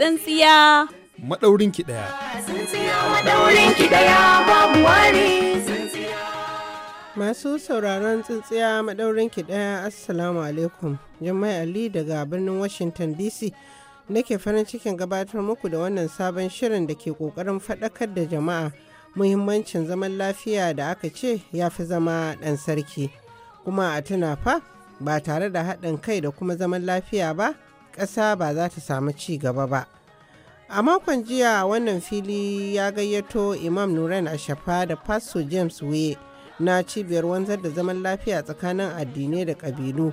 tsantsiya maɗaurin ki ɗaya. Masu sauraron tsintsiya maɗaurin ki ɗaya Assalamu alaikum. Jummai Ali daga birnin Washington DC nake farin cikin gabatar muku da wannan sabon shirin da ke ƙoƙarin faɗakar da jama'a muhimmancin zaman lafiya da aka ce ya fi zama ɗan sarki. Kuma a tuna fa ba tare da haɗin kai da kuma zaman lafiya ba ƙasa ba za ta samu ci gaba ba a makon jiya wannan fili ya gayyato imam nuran ashafa da pastor james weye na cibiyar wanzar da zaman lafiya tsakanin addinai da ƙabilu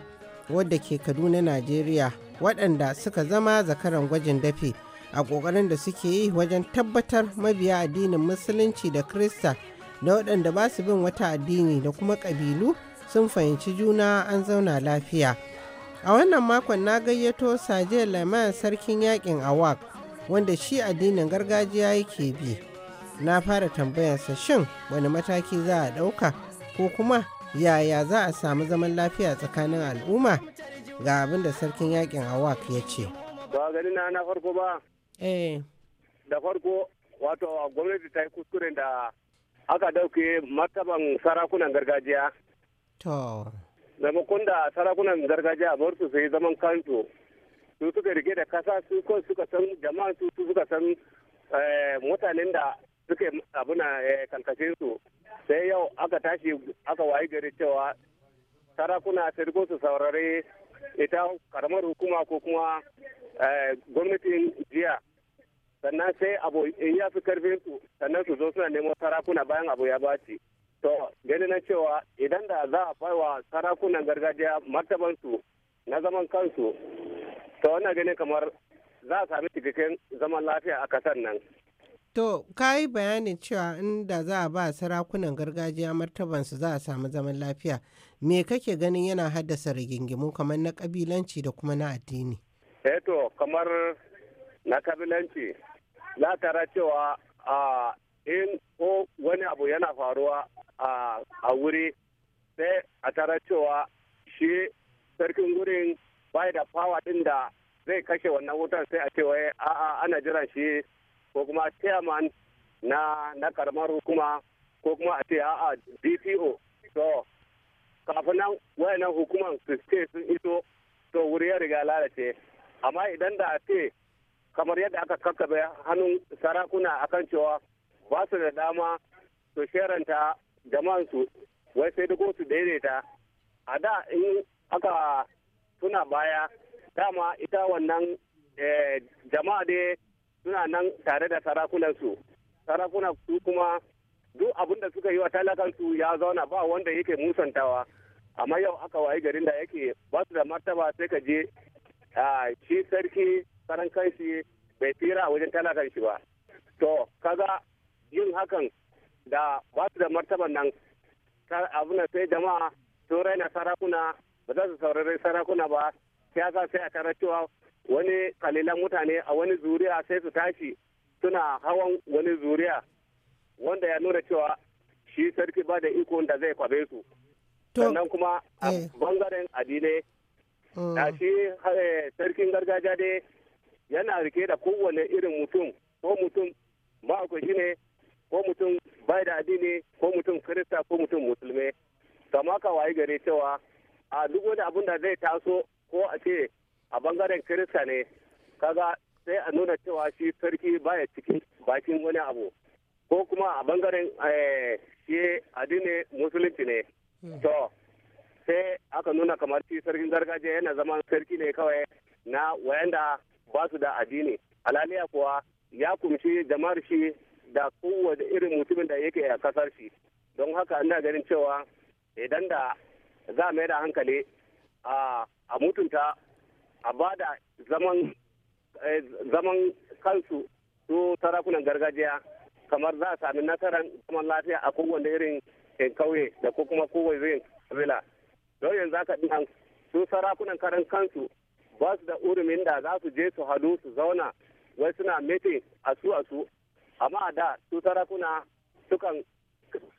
wadda ke kaduna najeriya waɗanda suka zama zakaran gwajin dafe a ƙoƙarin da suke yi wajen tabbatar mabiya addinin musulunci da krista da waɗanda ba su bin wata addini da kuma ƙabilu sun fahimci juna an zauna lafiya A wannan makon na gayyato Saje Laman sarkin yakin Awak wanda shi addinin gargajiya yake bi. Na fara tambayarsa shin wani mataki za a ɗauka ko kuma yaya za a samu zaman lafiya tsakanin al'umma ga abin da sarkin yakin Awak ya ce. Ba gani na na farko ba. Eh. Da farko wato gwamnati ta yi kuskuren da aka dauke martaban sarakunan gargajiya. To. zamakon da sarakunan gargajiya bar su sai zaman kanto su suka rike da kasa su kan suka san jama'a su su suka san eh, mutanen da suke abuna eh, kankashin su sai yau aka tashi aka wayi gari cewa sarakuna sai su saurare ita karamar hukuma ko kuma eh, gwamnatin jiya sannan sai abu in ya fi karfin su sannan su zo suna neman sarakuna bayan abu ya baci to gani na cewa idan da za a baiwa sarakunan gargajiya martabansu na zaman kansu to wannan gani kamar za a sami cikakken zaman lafiya a kasar nan to ka yi bayanin cewa inda za a ba sarakunan gargajiya martabansu za a samu zaman lafiya me kake ganin yana haddasa rigingimu kamar na kabilanci da kuma na addini eh to kamar na kabilanci za tara cewa a ah, in ko wani abu yana faruwa a wuri sai a tara cewa shi sarkin gurin bai da fawa din da zai kashe wannan wutar sai a cewa a'a ana jiran shi ko kuma chairman na na karamar hukuma ko kuma a ce a'a dpo so kafin nan wayannan hukumar su ce sun iso to wuri ya riga lalace amma idan da a ce kamar yadda aka kakkabe hannun sarakuna akan cewa ba su da dama su sheranta jama'an su wai sai duko su daidaita a da in aka tuna baya dama ita wannan eh, jama'a dai suna nan tare da sarakunansu su sarakunan su kuma duk abin da suka yi wa talakansu ya zauna ba wanda yake musantawa amma yau aka waye garin da yake ba su da martaba sai ka je shi sarki karan kanshi bai tsira wajen talakan shi ba to kaga yin hakan da ba su da martaban nan abuna sai jama'a sun raina sarakuna ba za su saurari sarakuna ba siyasa sai a tarar cewa wani kalilan mutane a wani zuriya sai su tashi suna hawan wani zuriya wanda ya nuna cewa shi sarki ba da ikon da zai kwabe su sannan kuma a eh. bangaren adine mm. da shi eh, sarkin gargajiya dai yana rike da kowane irin mutum ko mutum ba ku shi ne ko mutum bai da addini ko mutum kirista ko mutum musulmi kama ka wayi gari cewa a duk wani abun da zai taso ko a ce a bangaren kirista ne kaga sai a nuna cewa shi sarki baya cikin bakin wani abu ko kuma a bangaren eh, shi addini musulunci ne hmm. to sai aka nuna kamar shi sarkin gargajiya yana zama sarki ne kawai na wayanda ba su da addini alaliya kuwa ya kumshi jama'ar shi da kowane irin mutumin da yake a kasar shi don haka ina ganin cewa idan da za mai da hankali a mutunta a ba da eh, zaman kansu su sarakunan gargajiya kamar za a sami nasarar zaman lafiya a kowane irin eh, kauye da ko kuma kowai zai kabila don yanzu haka dinan su sarakunan karan kansu ba su da urumin da za su je su hadu su zauna wai suna mete a su a su amma da su sarakuna sukan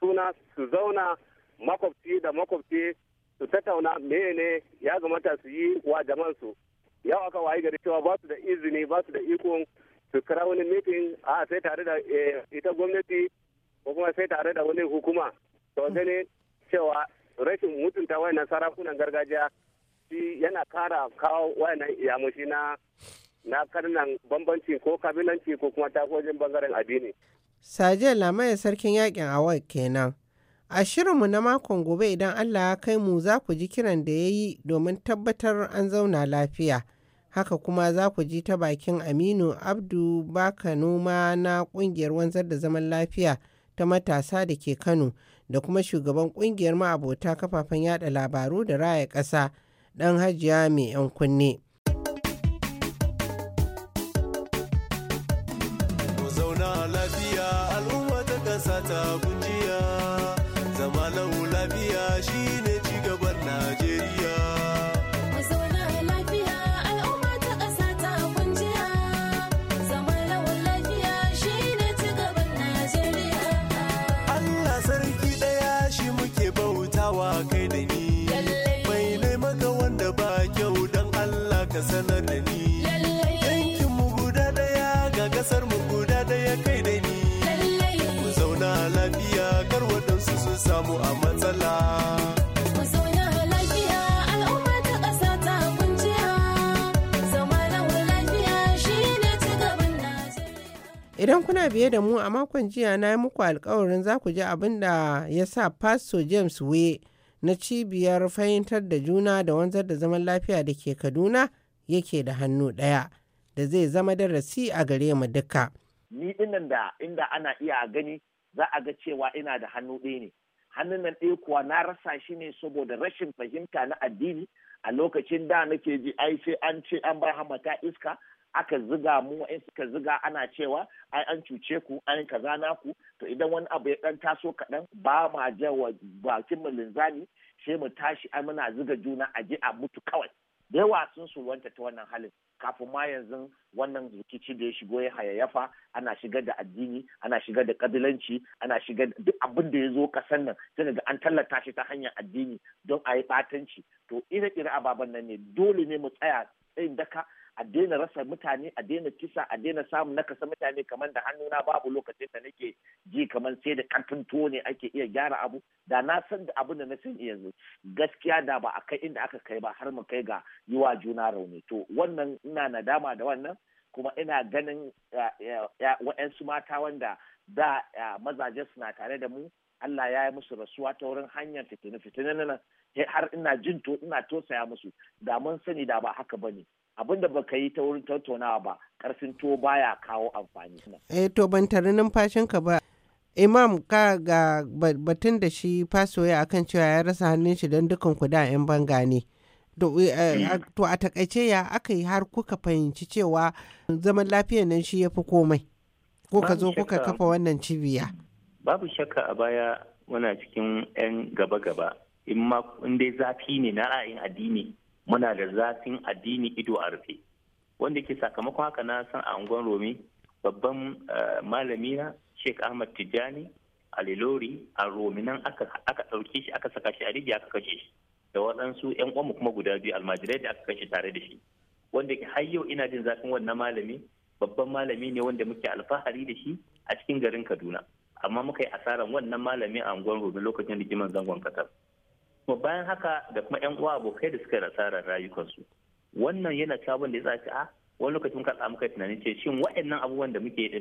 suna su zauna makwabci da makwabci su tattauna mene ya gamata su yi wa jamansu yau aka wayi gari cewa ba su da izini ba su da ikon su kira wani mitin a sai tare da eh, ita gwamnati ko kuma sai tare da wani hukuma to ne cewa rashin mutunta wayannan sarakunan gargajiya shi yana kara kawo wayannan yamushi na na karnan bambanci ko kabilanci ko kuma takojin bangaren addini. Sajel Lamaye sarkin yakin awa kenan. A shirinmu na makon gobe idan Allah ya kai mu za ku ji kiran da ya yi domin tabbatar an zauna lafiya. Haka kuma za ku ji ta bakin Aminu Abdu Baka Noma na kungiyar wanzar da zaman lafiya ta matasa da ke Kano da kuma shugaban kungiyar ma'abota kafafen yada labaru da raya ƙasa ɗan hajiya mai 'yan kunne. Idan kuna biye da mu a makon jiya na yi muku alkawarin za ku ji abin da ya sa Pastor James Way na cibiyar fahimtar da juna da wanzar da zaman lafiya da ke Kaduna yake da hannu ɗaya da zai zama darasi a gare mu duka. Ni dinnan da inda ana iya gani za a ga cewa ina da hannu ɗaya ne. Hannun nan ɗaya kuwa na rasa shi ne saboda rashin fahimta na addini a lokacin da nake ji ai sai an ce an bar hamata iska aka ziga mu in suka ziga ana cewa ai an cuce ku an kaza ku to idan wani abu ya dan taso kaɗan ba ma jawa bakin mu linzami sai mu tashi ai muna ziga juna a je a mutu kawai da yawa sun wanta ta wannan halin kafin ma yanzu wannan rikici da ya shigo ya hayayyafa ana shigar da addini ana shigar da kabilanci ana shigar duk abin da ya zo kasan nan sai ga an tallata shi ta hanyar addini don a yi batanci to ire-ire ababen nan ne dole ne mu tsaya tsayin daka a daina rasa mutane a daina kisa a daina samun nakasa mutane kamar da hannuna babu lokacin da nake ji kamar sai da karfin tuwo ne ake iya gyara abu da na san da abin da na san yanzu gaskiya da ba a kai inda aka kai ba har mu kai ga yiwa juna rauni to wannan ina nadama da wannan kuma ina ganin wa'yansu mata wanda da mazaje suna tare da mu Allah ya yi musu rasuwa ta wurin hanyar fitini fitini nan har ina jin to ina tosaya musu da mun sani da ba haka bane abin da baka yi ta wurin tattaunawa ba karfin to baya kawo amfani. Eh to ban tare ka ba. Imam ka ga batun da shi fasoya akan cewa ya rasa hannun shi don dukan ku da 'yan banga ne. To eh, a takaice ya aka yi har kuka fahimci cewa zaman lafiyar nan shi ya fi komai. Ko ka zo kuka kafa wannan cibiya. Babu shakka a baya muna cikin 'yan gaba-gaba. In dai zafi ne na ra'ayin addini muna da zafin addini ido a rufe wanda ke sakamakon haka na san a unguwar romi babban eh, malami na sheik ahmad tijjani a lilori a romi nan aka ɗauke shi aka saka shi a rigi aka kashe shi da waɗansu yan uwanmu kuma guda biyu almajirai da aka kashe tare da shi wanda har yau ina jin zafin wannan malami babban malami ne wanda muke alfahari da shi a cikin garin kaduna amma muka yi asarar wannan malami a unguwar romi lokacin rigimar zangon kasar kuma bayan haka da kuma yan uwa abokai da suka nasarar rayukansu wannan yana sabon da ya tsaci a ah, wani lokacin ka tsamu kai tunanin ce shin waɗannan abubuwan da muke yi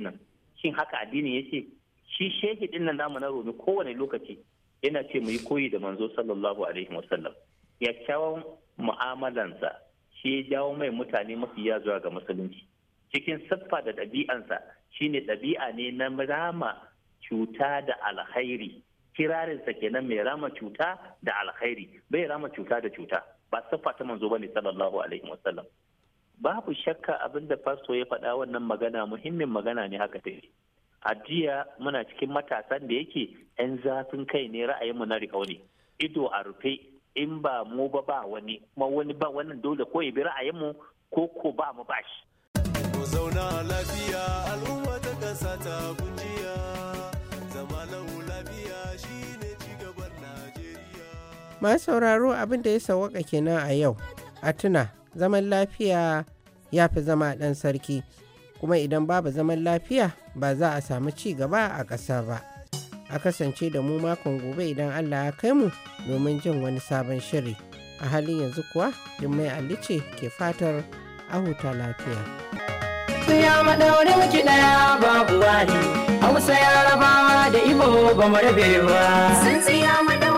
shin haka addinin ce? shi shehi din nan namu na romi kowane lokaci yana ce mu yi koyi da manzo sallallahu alaihi wasallam ya kyawun mu'amalansa shi ya jawo mai mutane ya zuwa ga musulunci cikin siffa da ɗabi'ansa shine ɗabi'a ne na rama cuta da alhairi Kirarin kirarinsa kenan mai rama cuta da alkhairi bai rama cuta da cuta ba siffa ta manzo bane sallallahu alaihi wasallam babu shakka abin da fasto ya faɗa wannan magana muhimmin magana ne haka ta a jiya muna cikin matasan da yake 'yan zafin kai ne ra'ayin mu na rikau ne ido a rufe in ba mu ba ba wani kuma wani ba wannan dole ko ya bi ra'ayinmu ko ko ba mu ba shi. zauna lafiya al'umma ta kasa ta kujiya zama masu sauraro abin da ya sawaka kenan a yau a tuna zaman lafiya ya fi zama ɗan sarki kuma idan babu zaman lafiya ba za a samu ci gaba a ƙasa ba a kasance da mu makon gobe idan allah ya kai mu domin jin wani sabon shiri a halin yanzu kuwa jummai alice ke fatar a huta lafiya ya maɗaure ɗaya babu wani da ibo ba sun tsaya